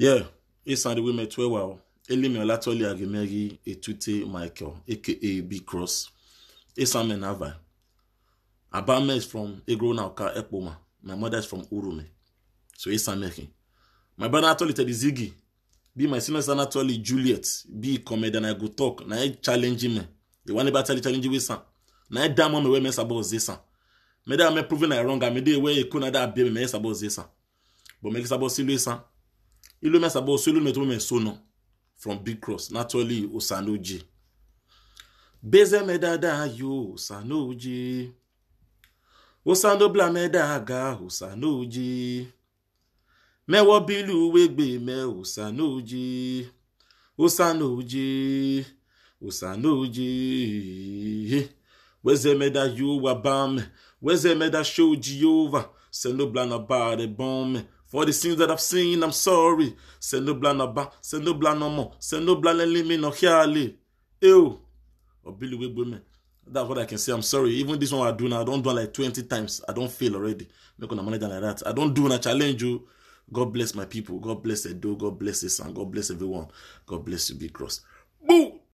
Yeah, it's on the women 12 hour. Elimi Olatoli Agimeri Etute Michael, aka B Cross. It's on Menava. Abame is from Egronauka Epoma. My mother is from Urume. So it's American. My brother Anatoly Teddy Ziggy. Be my senior son Anatoly Juliet. Be comedian I go talk. Na I challenge me. The one about tell challenge we son. Na I damn me where mess about Zesa. Me da me proving I wrong. Me dey where you could not be me mess about Zesa. But me about Silu son ilu mesa bo so ilu meto men from big cross naturally osanoji beze me dada yo osanoji osando bla me daga osanoji mewo bilu wegbe me osanoji osanoji osanoji weze meda da yo wabam weze meda da show jehova sendo bla na bare bom For the sins that I've seen, I'm sorry. Send no bla na Send no bla no more. Send no bla lele me no hiale. Ew. Obili we me. That's what I can say. I'm sorry. Even this one I do now, I don't do like 20 times. I don't fail already. Not on a manager like that. I don't do I challenge you. God bless my people. God bless Edo. God bless this and God bless everyone. God bless you, Be Cross. Boo!